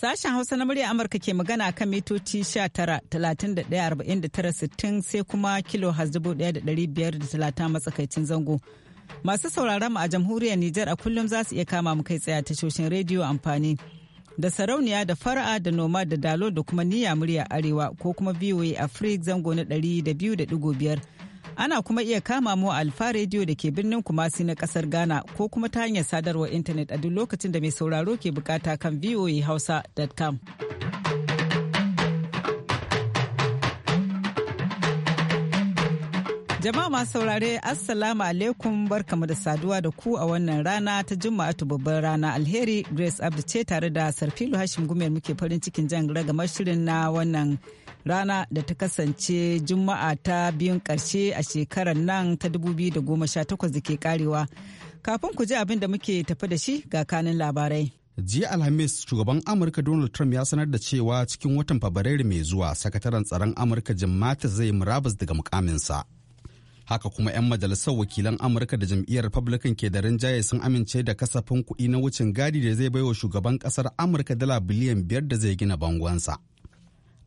Sashen Hausa na murya Amurka ke magana kan mitoci 19,31,49,60 sai kuma kilo talata matsakaicin zango. Masu sauraron mu a jamhuriyar Nijar a kullum za su iya kama mu kai tsaye tashoshin rediyo amfani da sarauniya da fara'a da noma da dalo da kuma niyya murya arewa ko kuma VOA Africa zango na 200.5 Ana kuma iya kama mu Alfa Radio da ke birnin Kumasi na kasar Ghana ko kuma ta hanyar sadarwar intanet a duk lokacin da mai sauraro ke bukata kan voahausa.com. Jama'a masu saurare Assalamu alaikum barkamu da saduwa da ku a wannan rana ta juma’a ta babbar rana alheri Grace Abdu ce tare da Sarfilu Hashim Gumel muke farin cikin jan ragamar shirin na wannan rana da ta kasance juma'a ta biyun karshe a shekarar nan ta 2018 da ke karewa kafin ku ji abin da muke tafi da shi ga kanin labarai jiya alhamis shugaban amurka donald trump ya sanar da cewa cikin watan fabrairu mai zuwa sakataren tsaron amurka jim mattis zai murabus daga mukaminsa haka kuma 'yan majalisar wakilan amurka da jam'iyyar republican ke da rinjaye sun amince da kasafin kuɗi na wucin gadi da zai baiwa shugaban ƙasar amurka dala biliyan biyar da zai gina bangonsa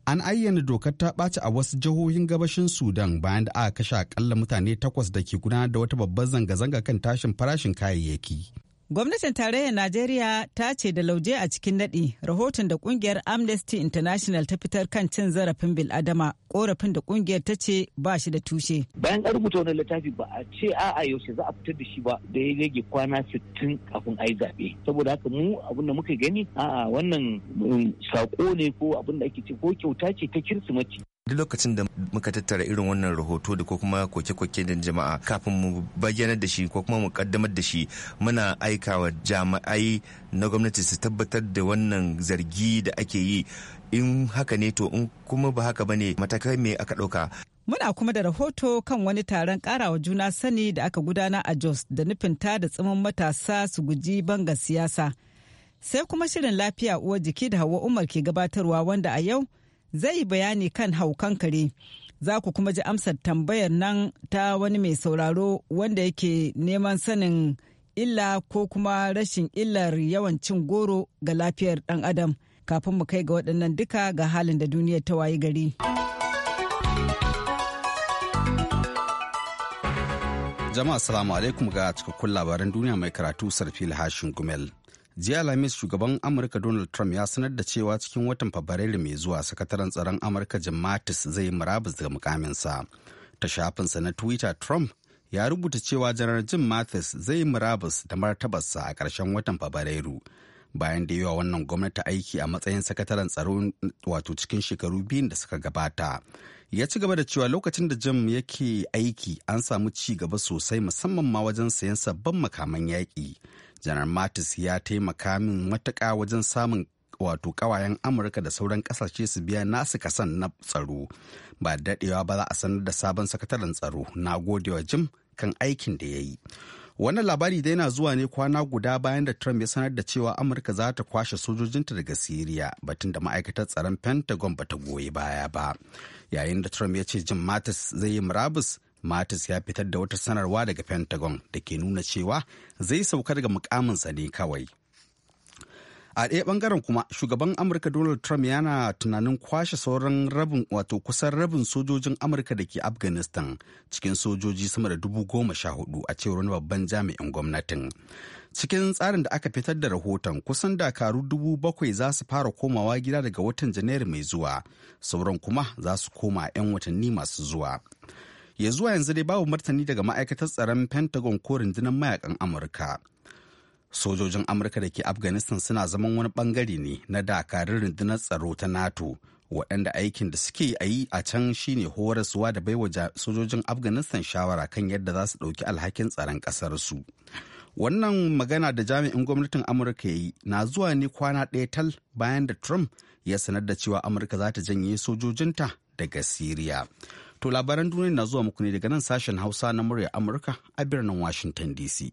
an ayyana dokar ta ɓaci a wasu jihohin gabashin sudan bayan da aka kashe akalla mutane takwas da ke gudanar da wata babbar zanga-zanga kan tashin farashin kayayyaki Gwamnatin tarayyar Najeriya ta ce da lauje a cikin nadi, rahoton da kungiyar Amnesty International ta fitar kan cin zarafin bil'adama korafin da kungiyar ta ce ba shi da tushe. Bayan an rubuta wani littafi ba a ce a'a yaushe za a fitar da shi ba da ya rage kwana sittin kafin a zaɓe. Saboda haka mu abin da muka gani a'a wannan mm, sako ne ko abin da ake ce ko kyauta ce ta kirsimati. duk lokacin da muka tattara irin wannan rahoto da ko kuma koke-koke da jama'a kafin mu bayyanar da shi ko kuma mu kaddamar da shi muna aikawa jami'ai na gwamnati su tabbatar da wannan zargi da ake yi in haka ne to in kuma ba haka bane matakai me aka ɗauka Muna kuma da rahoto kan wani taron karawa juna sani da aka gudana a Jos da nufin da tsimin matasa su guji bangar siyasa. Sai kuma shirin lafiya uwar jiki da Hawa Umar ke gabatarwa wanda a yau zai yi bayani kan haukan kare. Za ku kuma ji amsar tambayar nan ta wani mai sauraro wanda yake neman sanin illa ko kuma rashin illar yawan cin goro ga lafiyar ɗan adam kafin mu kai ga waɗannan duka ga halin da duniyar ta wayi gari. Jama'a salamu alaikum ga cikakkun labaran duniya mai karatu Sarfil Hashin Gumel. jiya alhamis shugaban amurka donald trump ya sanar da cewa cikin watan fabrairu mai zuwa sakataren tsaron amurka jim mattis zai murabus daga mukaminsa ta shafinsa na twitter trump ya rubuta cewa janar jim Mattis zai murabus da martabarsa a ƙarshen watan fabrairu bayan da yawa wannan gwamnati aiki a matsayin sakataren tsaro wato cikin shekaru biyun da suka gabata ya ci gaba da cewa lokacin da jim yake aiki an samu ci gaba sosai musamman ma wajen sayan sabbin makaman yaƙi janar matis ya taimaka min matuka wajen samun wato kawayen amurka da sauran kasashe su biya nasu kasan na tsaro ba daɗewa ba za a sanar da sabon sakataren tsaro na gode jim kan aikin da ya yi Wannan labari dai yana zuwa ne kwana guda bayan da Trump ya sanar da cewa Amurka za ta kwashe sojojinta daga Siriya batun da ma'aikatar tsaron Pentagon ba ta goyi baya ba. Yayin da Trump ya ce Jim Mattis zai yi murabus, Mattis ya fitar da wata sanarwa daga Pentagon da ke nuna cewa zai sauka daga mukaminsa ne kawai. a ɗaya bangaren kuma shugaban amurka donald trump yana tunanin kwashe sauran rabin wato kusan rabin sojojin amurka da ke afghanistan cikin sojoji sama da dubu goma sha hudu a cewar wani babban jami'in gwamnatin cikin tsarin da aka fitar da rahoton kusan dakaru dubu bakwai za su fara komawa gida daga watan janairu mai zuwa sauran kuma za su koma 'yan watanni masu zuwa ya zuwa yanzu dai babu martani daga ma'aikatar tsaron pentagon ko rundunar mayakan amurka sojojin amurka da ke afghanistan suna zaman wani bangare ne na dakarun rundunar tsaro ta nato waɗanda aikin da suke a yi a can shine horaswa da baiwa sojojin afghanistan shawara kan yadda za su ɗauki alhakin tsaron ƙasarsu wannan magana da jami'in gwamnatin amurka ya yi na zuwa ne kwana ɗaya tal bayan da trump ya sanar da cewa amurka za ta janye sojojinta daga siriya to labaran duniya na zuwa muku ne daga nan sashen hausa na murya amurka a birnin washington dc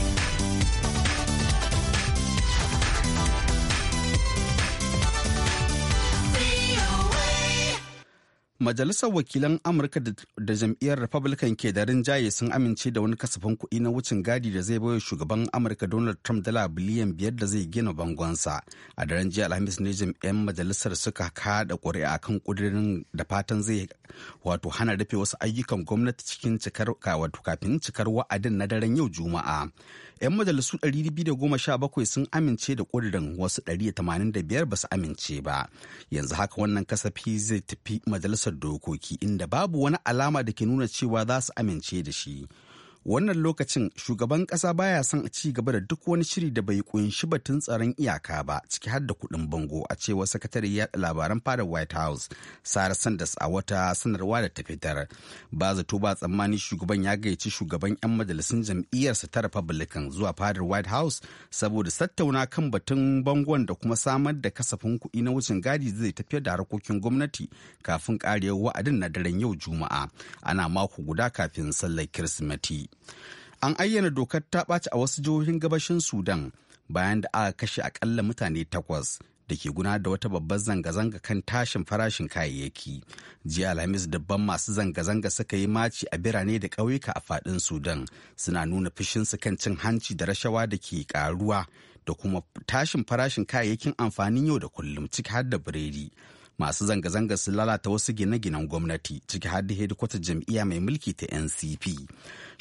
Majalisar Wakilan Amurka da jam'iyyar Republican ke da rinjaye sun amince da wani kasafin kuɗi na wucin gadi da zai baiwa shugaban Amurka Donald Trump dala biliyan biyar da zai gina bangonsa. A daren jiya Alhamis ne jam'iyyar majalisar suka kada ƙuri'a kan ƙudurin da fatan zai wato hana rufe wasu ayyukan gwamnati cikin cikar kafin cikar wa'adin na daren yau Juma'a. 'yan majalisu 217 sun amince da ƙudurin wasu 185 ba su amince ba yanzu haka wannan kasafi zai tafi majalisar dokoki inda babu wani alama da ke nuna cewa za su amince da shi wannan lokacin shugaban ƙasa baya son a ci gaba da duk wani shiri da bai kunshi batun tsaron iyaka ba ciki har da kuɗin bango a cewar sakatare yaɗa labaran fadar white house sarah sanders a wata sanarwa da ta fitar ba zato ba tsammani shugaban ya gayyaci shugaban 'yan majalisun jam'iyyarsa ta republican zuwa fadar white house saboda tattauna kan batun bangon da kuma samar da kasafin kuɗi na wucin gadi zai tafiyar da harkokin gwamnati kafin karewa wa'adin na daren yau juma'a ana mako guda kafin sallar kirsimeti An ayyana dokar ta ɓaci a wasu jihohin gabashin Sudan bayan da aka kashe akalla mutane takwas da ke guna da wata babbar zanga-zanga kan tashin farashin kayayyaki. Jiya Alhamis dabban masu zanga-zanga suka yi maci a birane da ƙauyuka a faɗin Sudan suna nuna fushinsu kan cin hanci da rashawa da ke ƙaruwa da kuma tashin farashin kayayyakin amfanin yau da kullum ciki har da biredi. masu zanga-zanga sun lalata wasu gine-ginen gwamnati ciki har da hedikwata jam'iyya mai mulki ta ncp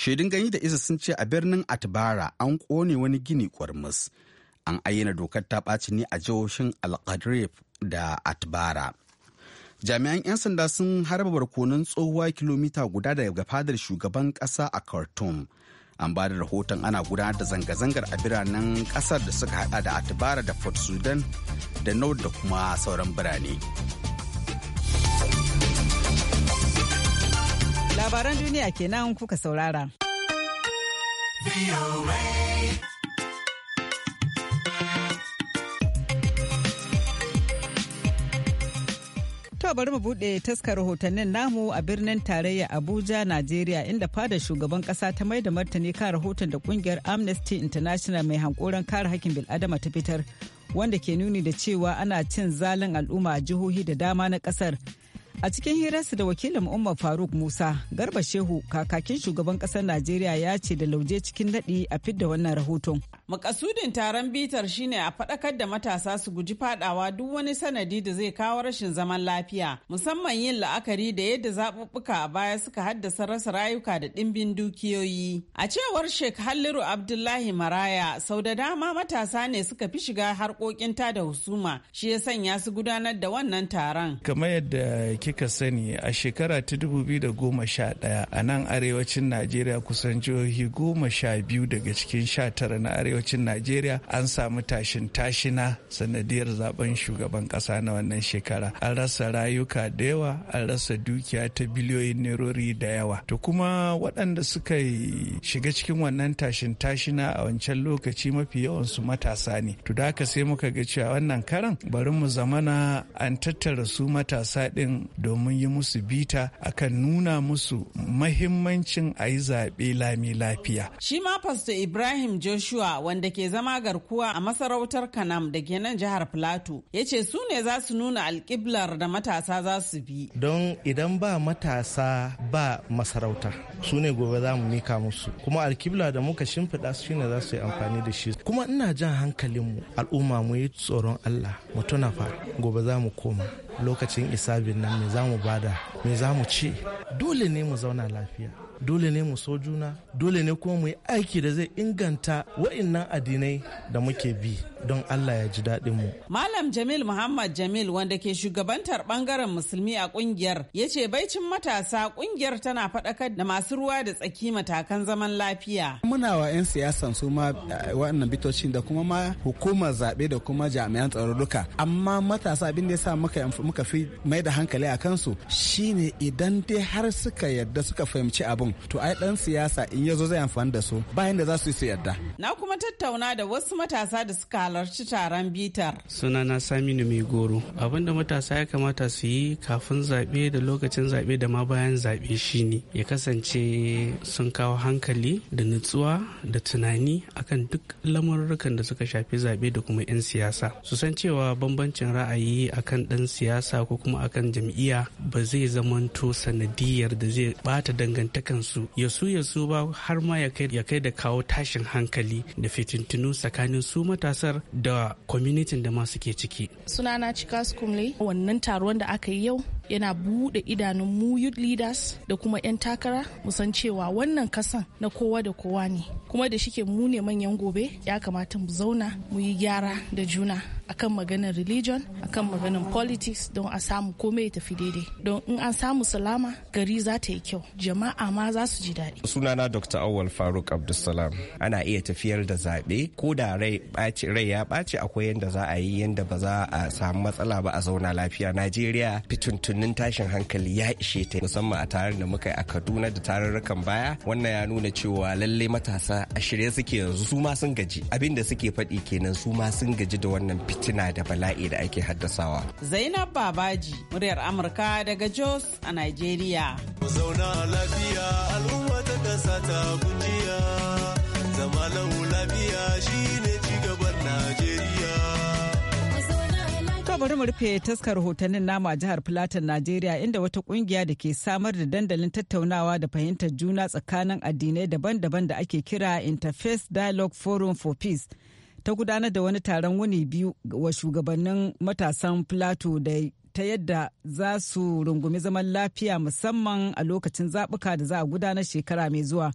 shaidun gani da isa sun ce a birnin atbara an kone wani gini kwarmus an ayyana dokar ta ɓaci ne a jihohin alkadrif da atbara jami'an 'yan sanda sun harba barkonon tsohuwa kilomita guda daga fadar shugaban ƙasa a khartoum an ba da rahoton ana gudanar da zanga-zangar a biranen kasar da suka hada da atibara da fort sudan da nord da kuma sauran birane labaran duniya kenan kuka saurara. To bari mu buɗe taskar rahotannin namu a birnin tarayya Abuja, Najeriya inda fada shugaban kasa ta mai da martani kan rahoton da kungiyar Amnesty International mai hankoron kare hakkin bil'adama ta fitar wanda ke nuni da cewa ana cin zalin al'umma a jihohi da dama na kasar. A cikin hirarsa da wakilin Umar Faruk Musa, Garba Shehu, kakakin shugaban kasar Najeriya ya ce da lauje cikin daɗi a fidda wannan rahoton. Makasudin taron bitar shine a faɗakar da matasa su guji fadawa duk wani sanadi da zai kawo rashin zaman lafiya, musamman yin la'akari da yadda zaɓuɓɓuka a baya suka haddasa rasa rayuka da ɗimbin dukiyoyi. A cewar Sheikh Halliru Abdullahi Maraya, sau da dama matasa ne suka fi shiga harkokin da husuma, shi ya sanya su gudanar da wannan taron. Kamar yadda kika sani a shekara ta dubu biyu da goma sha ɗaya a nan arewacin Najeriya kusan jihohi goma sha biyu daga cikin sha tara na arewa arewacin najeriya an samu tashin tashina sanadiyar zaben shugaban kasa na wannan shekara an rasa rayuka da yawa an rasa dukiya ta biliyoyin nerori da yawa to kuma waɗanda suka shiga cikin wannan tashin tashina a wancan lokaci mafi yawansu matasa ne to da haka sai muka ga cewa wannan karan bari mu zamana an tattara su matasa ɗin domin yi musu bita akan nuna musu mahimmancin a yi zaɓe lami lafiya shi ma pastor ibrahim joshua wanda ke zama garkuwa a masarautar Kanam da ke nan jihar Filato, ya ce su ne za su nuna alkiblar da matasa za su bi. Don idan ba matasa ba masarauta, su ne gobe za mu mika musu. Kuma alkibla da muka shimfiɗa su ne za su yi amfani da shi. Kuma ina jan hankalin mu al'umma mu yi tsoron Allah, mu tuna fa gobe za mu koma. Lokacin isabin nan me za mu bada, me za mu ce. Dole ne mu zauna lafiya. dole ne mu so juna dole ne kuma mu yi aiki da zai inganta wa'innan addinai da muke bi don Allah ya ji daɗin mu. Malam Jamil Muhammad Jamil wanda ke shugabantar bangaren musulmi a kungiyar ya ce baicin matasa kungiyar tana faɗakar da masu ruwa da tsaki matakan zaman lafiya. Muna wa 'yan siyasan su ma eh, wa'annan bitocin da kuma ma hukumar zaɓe da kuma jami'an tsaro duka amma matasa abin da ya sa muka fi mai da hankali a kansu shine idan dai har suka yadda suka fahimci abin to ai dan siyasa in yazo zai amfani da su bayan da za su yi su yarda na kuma tattauna da wasu matasa da suka halarci taron bitar sunana saminu mai goro abin da matasa ya kamata su yi kafin zaɓe da lokacin zaɓe da ma bayan zaɓe shine ya kasance sun kawo hankali da nutsuwa da tunani akan duk lamurrukan da suka shafi zaɓe da kuma 'yan siyasa su san cewa bambancin ra'ayi akan ɗan siyasa ko kuma akan jam'iyya ba zai zamanto sanadiyar da zai bata dangantakan kansu ya su ya su ba har ma ya kai da kawo tashin hankali da fitintunu tsakanin su matasar da kwamitin da masu ke ciki sunana cika skumle wannan taron da aka yi yau yana bude idanun mu youth leaders da kuma 'yan takara musan cewa wannan kasan na kowa da kowa ne kuma da shike mu ne manyan gobe ya kamata mu zauna mu yi gyara da juna akan maganar religion akan maganar politics don a samu komai ya tafi daidai don in an samu salama gari za ta yi kyau jama'a ma za su ji daɗi sunana dr awal faruk abdulsalam ana iya tafiyar da zaɓe ko da rai ya ɓaci akwai yadda za a yi yadda ba za a samu matsala ba a zauna lafiya najeriya fituntunin tashin hankali ya ishe ta musamman a tarin da muka yi a kaduna da tarurrukan baya wannan ya nuna cewa lallai matasa a shirye suke yanzu su ma sun gaji abin da suke faɗi kenan su ma sun gaji da wannan fitin fitina da bala'i da ake haddasawa. Zainab Babaji, muryar Amurka daga Jos a Nigeria. Zauna lafiya al'umma ta kasa ta kujiya, zama lafiya shine cigaban Najeriya. bari mu rufe taskar hotonin nama a jihar Filatin Najeriya inda wata kungiya da ke samar da dandalin tattaunawa da fahimtar juna tsakanin addinai daban-daban da ake kira Interfaith Dialogue Forum for Peace ta gudanar da wani taron wuni biyu wa shugabannin matasan plateau da ta yadda za su rungumi zaman lafiya musamman a lokacin zaɓuka da za a gudanar shekara mai zuwa.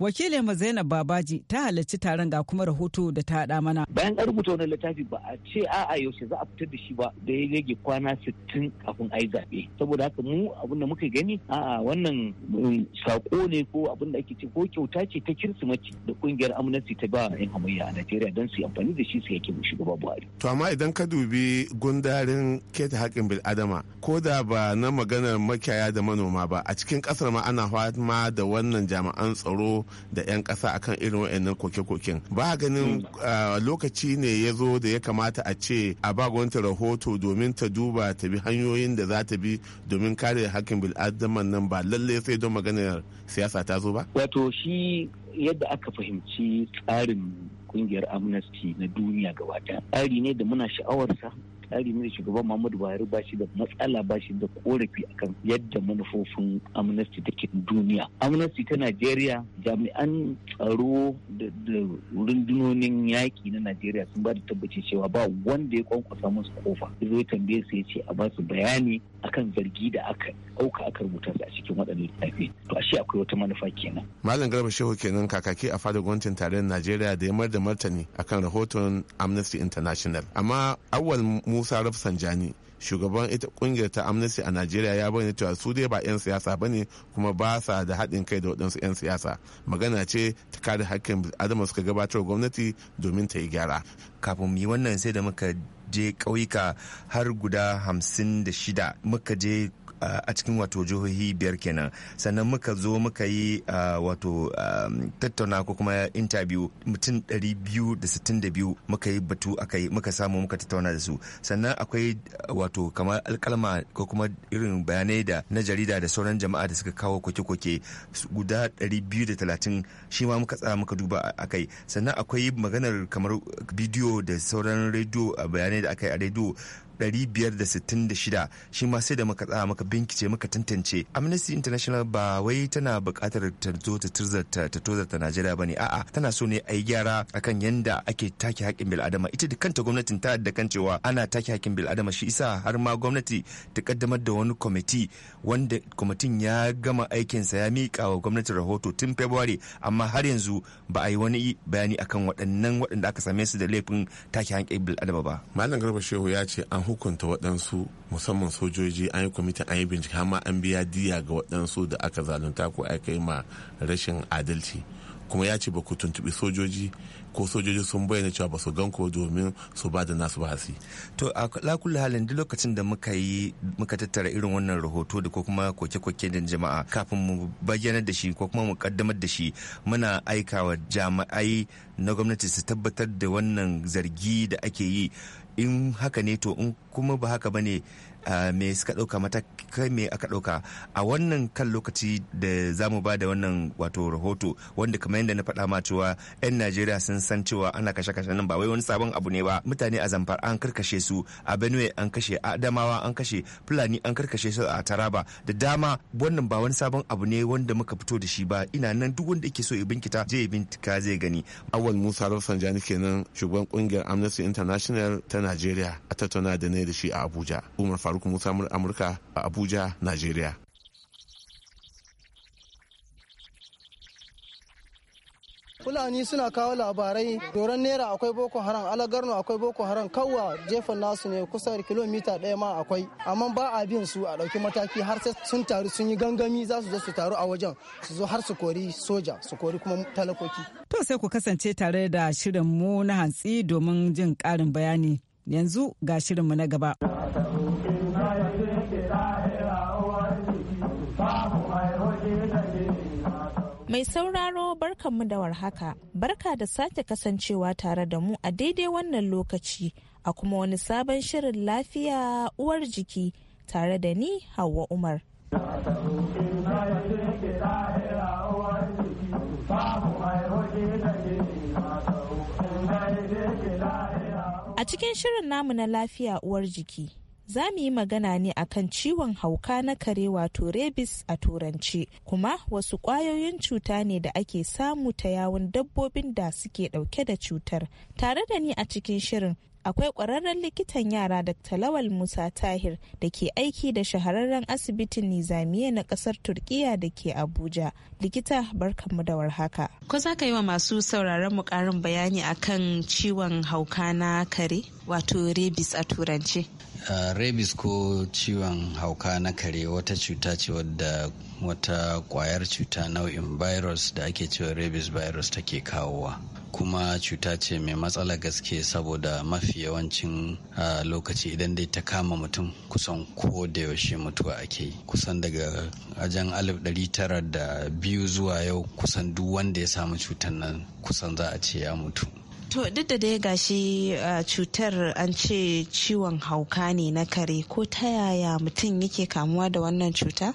Wakilin Zainab Babaji ta halarci taron ga kuma rahoto da ta haɗa mana. Bayan an rubuta wani littafi ba a ce a'a yaushe za a fitar da shi ba da ya rage kwana sittin kafin a yi zaɓe. Saboda haka mu abin da muka gani a'a wannan mm, sako ne ko abin da ake ce ko kyauta ce ta kirsimaci da kungiyar amnesty ta ba yan hamayya a Najeriya don su yi amfani da shi su yake mu shugaba Buhari. To amma idan ka dubi gundarin keta haƙin bil'adama ko da ba na maganar makiyaya da manoma ba a cikin ƙasar ma ana fama da wannan jami'an tsaro da 'yan ƙasa akan irin wa'annan koke-koken ba ganin hmm. lokaci ne ya zo da ya kamata a ce a ba gwamnati rahoto domin ta duba ta bi hanyoyin da za ta bi domin kare hakkin bil'adaman nan ba lallai sai don maganar siyasa ta zo ba wato shi yadda aka fahimci tsarin kungiyar amnesty na duniya gaba tsari ne da muna sha'awarsa tsari ne shugaban Muhammadu Buhari ba shi da matsala ba shi da korafi akan yadda manufofin Amnesty take duniya. Amnesty ta Najeriya jami'an tsaro da rundunonin yaƙi na Najeriya sun ba da tabbaci cewa ba wanda ya kwankwasa musu kofa. Zai tambaye su ya ce a ba su bayani akan zargi da aka auka aka rubuta a cikin waɗannan littafi to ashe akwai wata manufa kenan malam garba shehu kenan kakaki a fadar gwamnatin tarayyar najeriya da ya mayar da martani akan rahoton amnesty international amma awwal musa rafsanjani shugaban ita kungiyar ta amnesty a najeriya ya bayyana cewa su dai ba 'yan siyasa ba ne kuma ba sa da haɗin kai da waɗansu 'yan siyasa magana ce ta kare hakkin adama suka gabatar gwamnati domin ta yi gyara kafin mu yi wannan sai da muka je ƙauyuka har guda hamsin da shida muka je a cikin wato jihohi biyar kenan sannan muka zo muka yi wato tattauna ko kuma interview mutum 262 muka yi batu aka yi muka samu muka tattauna da su sannan akwai wato kamar alkalma ko kuma irin bayanai da na jarida da sauran jama'a da suka kawo koke-koke guda 230 shi ma muka tsara muka duba akai sannan akwai maganar kamar bidiyo da sauran rediyo a bayanai da aka yi a rediyo 566 shi ma sai da muka tsaya muka binkice muka tantance amnesty international ba wai tana bukatar ta zo ta ta tozarta najeriya ba ne a'a tana so ne a yi gyara akan yanda ake take haƙƙin bil'adama ita da kanta gwamnatin ta da kan cewa ana take haƙƙin bil'adama shi isa har ma gwamnati ta kaddamar da wani kwamiti wanda kwamitin ya gama aikinsa ya miƙa wa gwamnati rahoto tun february amma har yanzu ba a yi wani bayani akan waɗannan waɗanda aka same su da laifin take haƙƙin bil'adama ba malam garba shehu ya ce an hukunta waɗansu musamman sojoji an yi kwamiti an yi bincike ma an biya diya ga waɗansu da aka zalunta ko aka yi ma rashin adalci kuma ya ce ba ku tuntuɓi sojoji ko sojoji sun bayyana cewa ba su gan ko domin su ba da nasu ba bahasi. To a lakulli halin duk lokacin da muka yi muka tattara irin wannan rahoto da ko kuma koke-koke da jama'a kafin mu bayyanar da shi ko kuma mu kaddamar da shi muna aikawa jami'ai na gwamnati su tabbatar da wannan zargi da ake yi in haka ne to in kuma ba haka ba ne me suka ɗauka matakai me aka ɗauka a wannan kan lokaci da za mu ba da wannan wato rahoto wanda kamar yadda na faɗa ma cewa 'yan najeriya sun san cewa ana kashe-kashe nan ba wai wani sabon abu ne ba mutane a zamfara an karkashe su a benue an kashe a adamawa an kashe fulani an karkashe su a taraba da dama wannan ba wani sabon abu ne wanda muka fito da shi ba ina nan duk wanda yake so ya binkita je ya bincika zai gani awal musa rafsanjani kenan shugaban kungiyar amnesty international ta najeriya a tattauna da ne da shi a abuja umar faru faruk musa amurka a abuja nigeria Fulani suna kawo labarai doron naira akwai Boko Haram, alagarno akwai Boko Haram, kawwa jefan nasu ne kusa kilomita ɗaya ma akwai. Amma ba a bin su a ɗauki mataki har sai sun taru sun yi gangami za su zo su taru a wajen su zo har su kori soja su kori kuma talakoki. To sai ku kasance tare da shirin mu na hantsi domin jin ƙarin bayani. Yanzu ga shirin mu na gaba. Mai sauraro barkanmu da warhaka, barka da sake kasancewa tare da mu a daidai wannan lokaci a kuma wani sabon shirin lafiya uwar jiki tare da ni Hauwa Umar. A cikin shirin namu na lafiya uwar jiki, za mu yi magana ne akan ciwon hauka na kare wato rabies a turanci kuma wasu ƙwayoyin cuta ne da ake samu ta yawon dabbobin da suke ɗauke da cutar tare da ni a cikin shirin akwai ƙwararren likitan yara da talawal musa tahir da ke aiki da shahararren asibitin nizamiya na ƙasar turkiya da ke abuja likita barkanmu da warhaka ko za ka yi wa masu sauraron mu ƙarin bayani akan ciwon hauka na kare wato rabies a turance uh, rabies ko ciwon hauka na kare wata cuta ce wadda wata kwayar cuta nau'in virus da ake cewa rabies virus take kawowa kuma cuta ce mai matsala gaske saboda mafi yawancin uh, lokaci idan dai ta kama mutum kusan ko da yaushe mutuwa ake yi kusan daga ajan alif ɗari tara da biyu zuwa yau kusan duk wanda ya samu cutar nan kusan za a ce ya mutu To duk da dai gashi cutar an ce ciwon hauka ne na kare ko ta yaya mutum yake kamuwa da wannan cuta?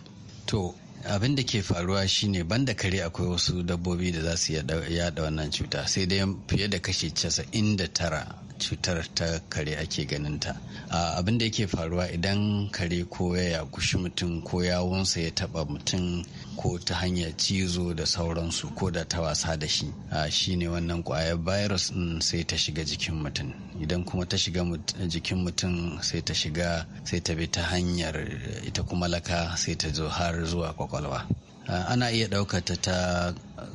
To abin da ke faruwa shine banda kare akwai wasu dabbobi da za su yada wannan cuta sai dai fiye da kashe casa'in da tara cutar ta kare ake ganin ta abin da yake faruwa idan kare ko ya yakushi mutum ko yawunsa ya taba mutum ko ta hanyar cizo da sauransu ko da ta wasa da shi shi ne wannan kwayar virus din sai ta shiga jikin mutum idan kuma ta shiga jikin mutum sai ta shiga sai ta bi ta hanyar ita kuma laka sai ta zo har zuwa kwakwalwa ana iya ɗaukata ta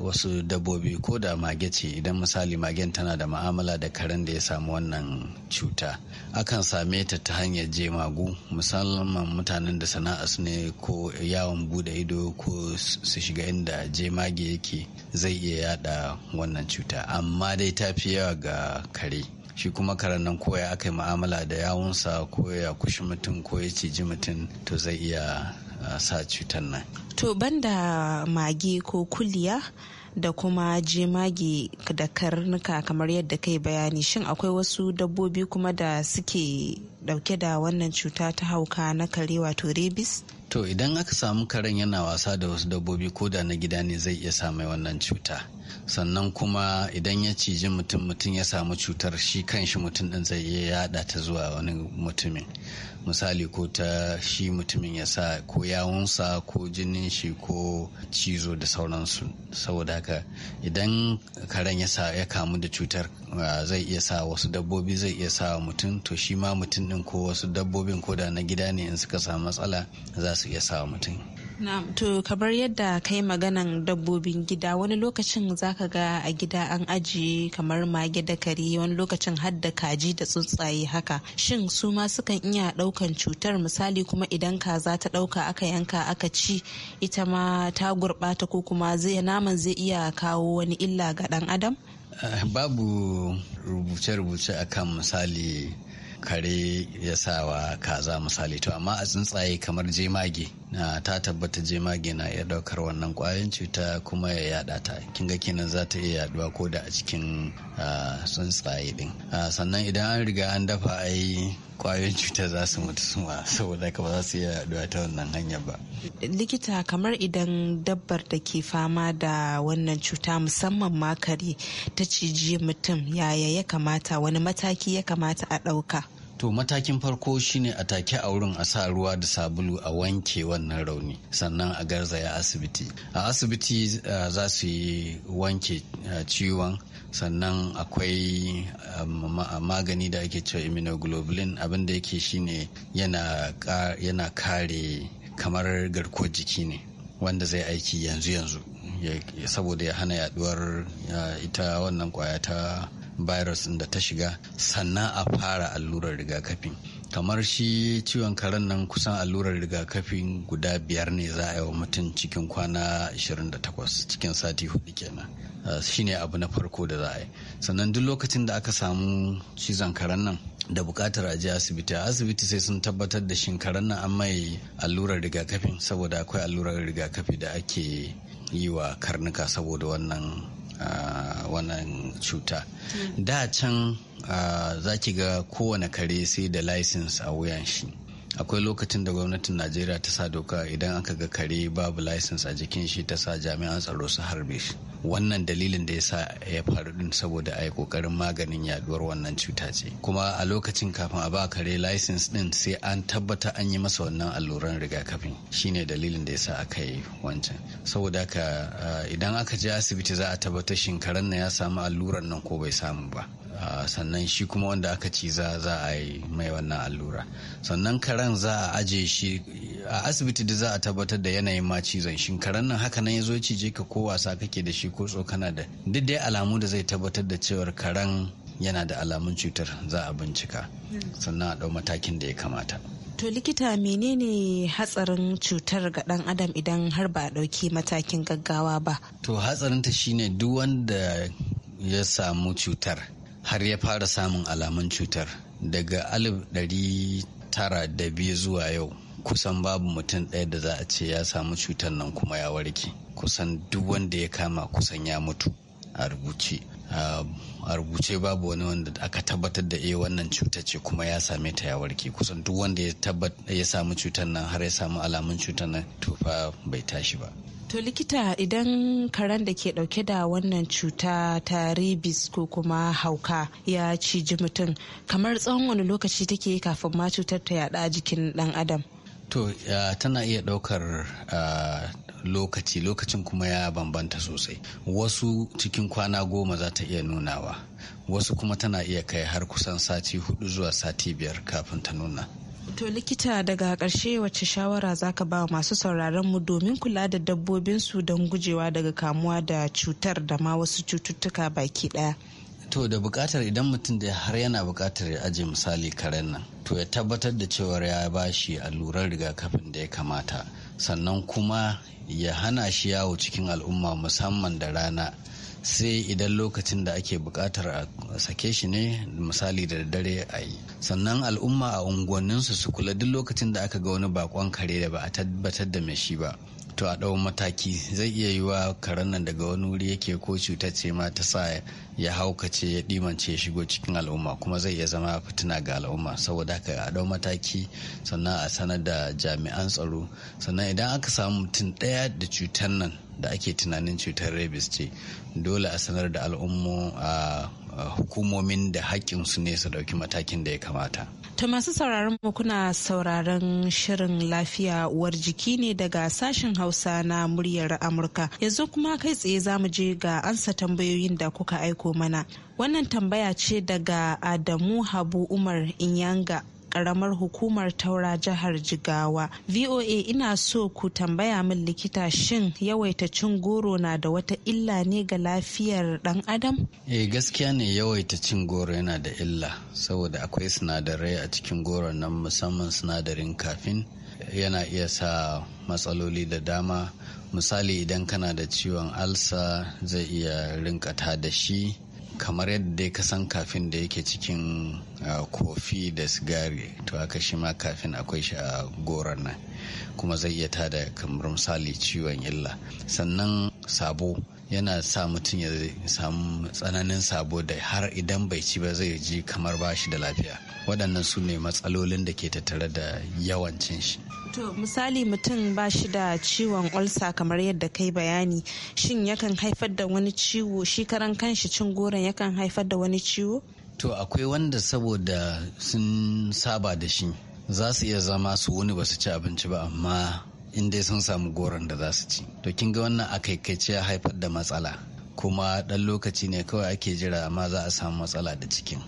wasu dabbobi ko da mage ce idan misali magen tana da ma'amala da karen da ya samu wannan cuta akan same ta ta hanyar jemagu musamman mutanen da sana'a su ne ko yawon bude ido ko su shiga inda jemage yake zai iya yada wannan cuta amma dai ta fi yawa ga kare shi kuma karen nan ko ya aka yi ma'amala da yawunsa ko ya kushi mutum ko ya ciji mutum to zai iya sa cutar nan to banda mage ko kuliya da kuma jemage da karnuka kamar yadda kai bayani shin akwai wasu dabbobi kuma da suke dauke da wannan cuta ta hauka na kare wato rabies to idan aka samu karen yana wasa da wasu dabbobi ko da na gida ne zai iya samu wannan cuta sannan kuma idan ya ciji mutum mutum ya samu cutar shi kanshi shi mutum din zai iya yada ta zuwa wani mutumin misali ko ta shi mutumin ya sa ko yawunsa ko jinin shi ko cizo da sauransu saboda haka idan karen ya sa ya kamu da cutar zai iya sa wasu dabbobi zai iya sa mutum to shi ma mutum din ko wasu dabbobin ko da na gida ne in suka samu matsala za su iya sa mutum to kamar yadda kai maganan dabbobin gida wani lokacin za ka ga a gida an ajiye kamar mage da kare wani lokacin har da kaji da tsuntsaye haka shin su ma sukan iya daukan cutar misali kuma idan kaza ta dauka aka yanka aka ci ita ma ta gurbata ko kuma zai naman zai iya kawo wani illa ga dan adam eh, babu rubuce-rubuce akan misali kare ya sa wa kaza misali to amma a tsuntsaye kamar jemage na ta tabbata jemage na iya daukar wannan kwayoyin cuta kuma ya yada ta kinga kenan za ta iya yaduwa ko da a cikin tsuntsaye din sannan idan an riga an dafa ai kwayoyin cuta za su mutu suma saboda ka ba za su iya yaduwa ta wannan hanyar ba likita kamar idan dabbar da ke fama da wannan cuta musamman ma ta ciji mutum yaya ya kamata wani mataki ya kamata a ɗauka To matakin farko shine a take a wurin a sa ruwa da sabulu a wanke wannan rauni sannan a garzaya asibiti. A asibiti eh, za su yi wanke eh, ciwon sannan akwai eh, magani da ake cewa immunoglobulin abinda yake shine yana kare kamar garkuwar jiki ne wanda zai aiki yanzu yanzu saboda ya hana yaduwar ita wannan kwaya ta virus da ta shiga sannan a fara allurar rigakafin kamar shi ciwon karen nan kusan allurar rigakafin guda biyar ne za a yi wa mutum cikin kwana 28 cikin sati hudu kenan ah, shine abu na farko da za a yi sannan duk lokacin da aka samu cizon karen nan da bukatar aji asibiti a asibiti sai sun tabbatar da karen nan an mai allurar rigakafin saboda akwai allurar rigakafi da ake yi wa karnuka saboda wannan wannan cuta da can za ki ga kowane kare sai da license a wuyan shi akwai lokacin da gwamnatin najeriya ta sa doka idan aka ga kare babu license a jikin shi ta sa jami'an tsaro su harbe shi wannan dalilin da ya sa ya faru din saboda a yi kokarin maganin yaduwar wannan cuta ce kuma a lokacin kafin a ba kare license din sai an tabbata an yi masa wannan alluran rigakafin shine dalilin da ya sa aka yi wancan saboda haka eh, idan aka je asibiti za a tabbatar shin karen ya samu alluran nan ko bai samu ba sannan shi kuma wanda aka ci za a yi mai wannan allura sannan karen za a aje shi a asibiti da za a tabbatar da yanayin ma cizon shin karen nan haka nan ya zo je ka ko wasa kake da shi ko tsokana da duk dai alamu da zai tabbatar da cewar karen yana da alamun cutar za a bincika sannan a ɗau matakin da ya kamata to likita menene hatsarin cutar ga ɗan adam idan har ba a ɗauki matakin gaggawa ba to hatsarinta shine duk wanda ya samu cutar har ya fara samun alamun cutar daga alif ɗari tara da biyu zuwa yau kusan babu mutum ɗaya da za a ce ya samu cutar nan kuma ya warke kusan duk wanda ya kama kusan ya mutu a rubuce a rubuce babu wani wanda aka tabbatar da iya eh, wannan cuta ce kuma ya same ta ya warke kusan duk wanda ya samu cutar nan har ya samu alamun cutar nan tufa bai tashi ba To likita idan karen da ke dauke da wannan cuta ta rabies ko kuma hauka ya ciji mutum kamar tsawon wani lokaci take kafin ma cutar ta yada jikin dan adam. To tana iya daukar lokaci lokacin kuma ya bambanta sosai wasu cikin kwana goma za ta iya nunawa wasu kuma tana iya kai har kusan sati hudu zuwa sati biyar kafin ta nuna To likita daga karshe wacce shawara zaka ba masu sauraron mu domin kula da dabbobinsu don gujewa daga kamuwa da cutar da ma wasu cututtuka baki ɗaya. To da bukatar idan mutum da har yana bukatar ya aje misali karen nan to ya tabbatar da cewar ya ba shi allurar rigakafin da ya kamata sannan kuma ya hana shi yawo cikin al'umma musamman da rana sai idan lokacin da ake bukatar a sake shi ne misali da dare a yi sannan al'umma a unguwanninsu su kula duk lokacin da aka ga wani bakon kare da ba a tabbatar da mai shi ba to a ɗau mataki zai iya yi wa karen nan daga wani wuri yake ko cutace ce ma ta sa ya haukace ya dimance ya shigo cikin al'umma kuma zai iya zama fitina ga al'umma saboda haka a ɗau mataki sannan a sanar da jami'an tsaro sannan idan aka samu mutum ɗaya da cutar nan da ake tunanin cutar rabies ce dole a sanar da al'ummu a hukumomin da haƙƙinsu ne su ɗauki matakin da ya kamata To masu sauraron mu kuna sauraron shirin lafiya uwar jiki ne daga sashen Hausa na muryar Amurka. Yanzu kuma kai tsaye za mu je ga ansa tambayoyin da kuka aiko mana. Wannan tambaya ce daga Adamu Habu Umar Inyanga karamar hukumar taura jihar jigawa voa ina so ku tambaya min likita shin yawaita cin goro na da wata illa ne ga lafiyar ɗan adam eh gaskiya ne yawaita cin goro yana da illa saboda akwai sinadarai a cikin goro nan musamman sinadarin kafin yana iya sa matsaloli da dama misali idan kana da ciwon alsa zai iya rinkata da shi kamar yadda ya san kafin da yake cikin kofi da sigari to haka shi ma kafin akwai shi a goron nan kuma zai iya tada kamar misali ciwon illa sannan sabo yana sa mutum ya samu tsananin sabo da har idan bai ci ba zai ji kamar ba shi da lafiya waɗannan su ne matsalolin da ke tattare da yawan cin shi to misali mutum ba shi da ciwon ulsa kamar yadda kai bayani shin yakan haifar da wani ciwo shi karan kanshi cin goron yakan haifar da wani ciwo to akwai wanda saboda sun saba da shi za su iya zama su wuni ba su ci abinci ba amma in dai sun samu goron da za su ci to kin ga wannan a kai haifar da matsala kuma ɗan lokaci ne kawai ake jira ma za a samu matsala da cikin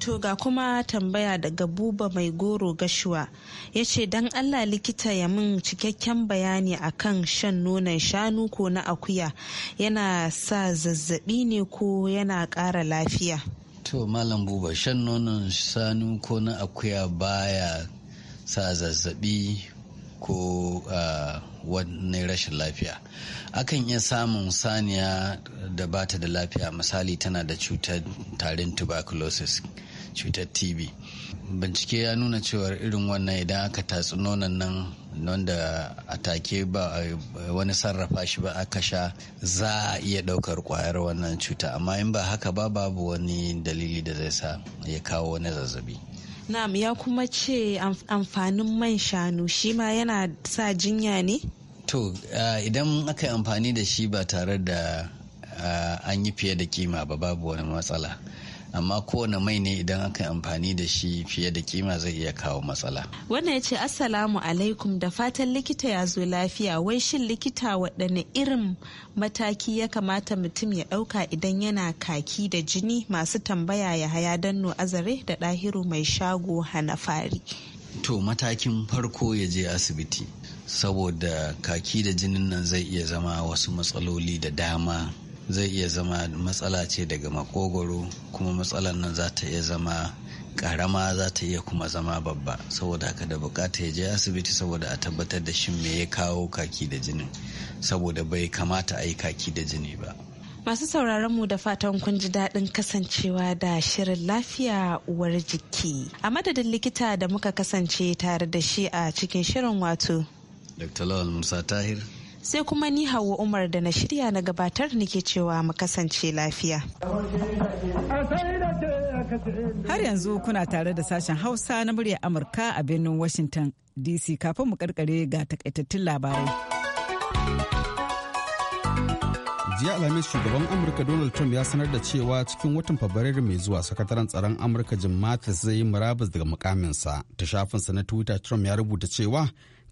to ga kuma tambaya daga buba mai goro gashuwa ya ce don allah likita ya min cikakken bayani akan shan nonon shanu ko na akuya yana sa zazzabi ne ko yana ƙara lafiya to malam buba shan nonon shanu ko na akuya baya sa zazzabi ko wani rashin lafiya akan iya samun saniya da bata da lafiya misali tana da cutar tarin tuberculosis cutar tb bincike ya nuna cewar irin wannan idan aka tatsi nonon nan wanda a take ba wani sarrafa shi ba aka sha za a iya daukar kwayar wannan cuta amma in ba haka ba babu wani dalili da zai sa ya kawo wani zazzabi Na'am ya kuma ce amfanin man shanu shi ma yana sa jinya ne? To ah, idan aka yi amfani da shi ba tare da ah, an yi fiye da kima ba babu wani matsala. amma kowane mai ne idan aka yi amfani da shi fiye da kima zai iya kawo matsala wannan ya ce assalamu alaikum da fatan likita ya zo lafiya wai shin likita waɗanne irin mataki ya kamata mutum ya ɗauka idan yana kaki da jini masu tambaya ya haya danno azare da ɗahiru mai shago hana fari. to matakin farko ya je asibiti saboda kaki da jinin nan zai iya zama wasu matsaloli da dama zai iya zama matsala ce daga makogoro kuma matsalar nan za ta iya zama karama za ta iya kuma zama babba saboda haka da bukata ya je asibiti saboda a tabbatar da shi me ya kawo kaki da jini saboda bai kamata a yi kaki da jini ba masu sauraron mu da fatan kun ji daɗin kasancewa da shirin lafiya uwar jiki a madadin likita da muka kasance tare da shi a cikin shirin wato dr lawal musa tahir sai kuma ni hawa umar da na shirya na gabatar nake cewa mu kasance lafiya har yanzu kuna tare da sashen hausa na muryar amurka a birnin washington dc kafin mu karkare ga takaitattun labarai jiya alhamis shugaban amurka donald trump ya sanar da cewa cikin watan fabrairu mai zuwa sakataren tsaron amurka jim mattis zai yi murabus daga mukaminsa ta shafinsa na twitter trump ya rubuta cewa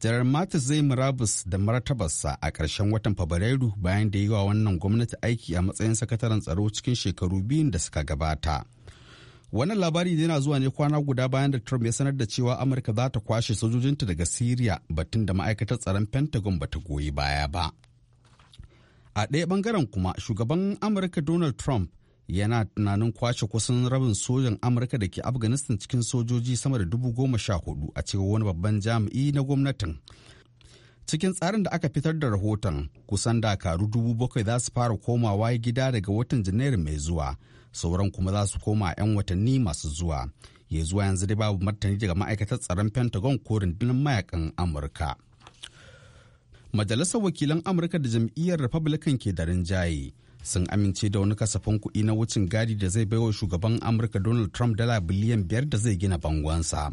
Jarar matis zai murabus da martabarsa a ƙarshen watan fabrairu bayan da yi wa wannan gwamnati aiki a matsayin sakataren tsaro cikin shekaru biyun da suka gabata wannan labari yana zuwa ne kwana guda bayan da trump ya sanar da cewa amurka za ta kwashe sojojinta daga syria batun da ma'aikatar tsaron pentagon ba ta goyi baya ba a ɗaya bangaren kuma shugaban amurka donald trump yana tunanin kwashe kusan rabin sojan amurka da ke afghanistan cikin sojoji sama da dubu goma sha hudu a cikin wani babban jami'i na gwamnatin cikin tsarin da aka fitar da rahoton kusan dakaru dubu bakwai za su fara komawa gida daga watan janairu mai zuwa sauran kuma za su koma 'yan watanni masu zuwa ya zuwa yanzu dai babu martani daga ma'aikatar tsaron pentagon ko rundunar mayakan amurka majalisar wakilan amurka da jam'iyyar republican ke da rinjaye sun amince da wani kasafin kuɗi na wucin gadi da zai baiwa shugaban amurka donald trump dala biliyan biyar da zai gina bangonsa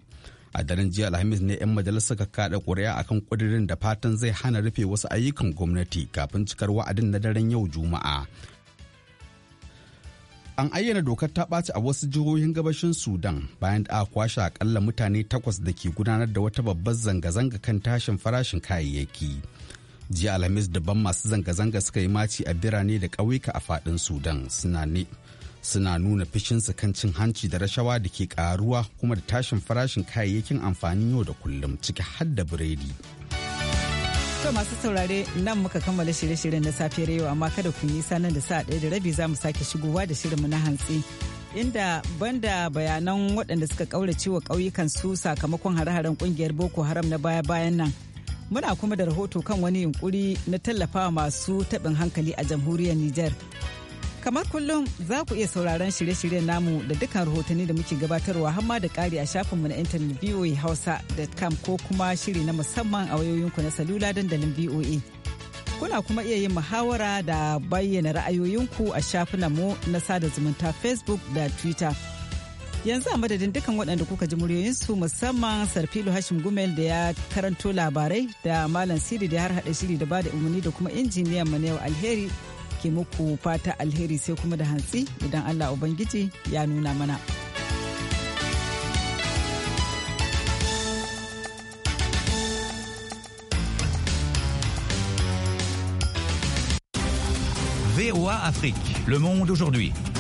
a daren jiya alhamis ne 'yan majalisar suka kada ƙuri'a akan ƙudirin da fatan zai hana rufe wasu ayyukan gwamnati kafin cikar wa'adin na daren yau juma'a an ayyana dokar ta ɓaci a wasu jihohin gabashin sudan bayan da aka kwashe akalla mutane takwas da ke gudanar da wata babbar zanga-zanga kan tashin farashin kayayyaki ji alhamis daban masu zanga-zanga suka yi maci a birane da ƙauyuka a faɗin sudan suna ne suna nuna fishinsu kan cin hanci da rashawa da ke karuwa kuma da tashin farashin kayayyakin amfanin yau da kullum ciki har da biredi To masu saurare nan muka kammala shirye-shiryen na safiyar yau amma kada ku nisa nan da sa ɗaya da rabi za mu sake shigowa da shirinmu na hantsi. Inda banda bayanan waɗanda suka ƙaurace wa ƙauyukan su sakamakon hare-haren ƙungiyar Boko Haram na baya-bayan nan. Muna kuma da rahoto kan wani yunkuri na tallafawa masu taɓin hankali a jamhuriyar Nijar. Kamar kullum za ku iya sauraron shirye-shiryen namu da dukkan rahotanni da muke gabatarwa hamma da ƙari a shafinmu na intanet hausa VOA Hausa.com ko kuma shiri na musamman a wayoyinku na salula dandalin VOA. Kuna kuma iya yin muhawara da bayyana ra'ayoyinku a shafinanmu na sada zumunta Facebook da Twitter. yanzu a madadin dukkan waɗanda kuka ji su musamman sarfilu hashim gumel da ya karanto labarai da malam siri da har hada shiri da bada umarni da kuma injiniyan mu yau alheri ke muku fata alheri sai kuma da hantsi idan allah ubangiji ya nuna mana. VOA Afrique, le monde aujourd'hui.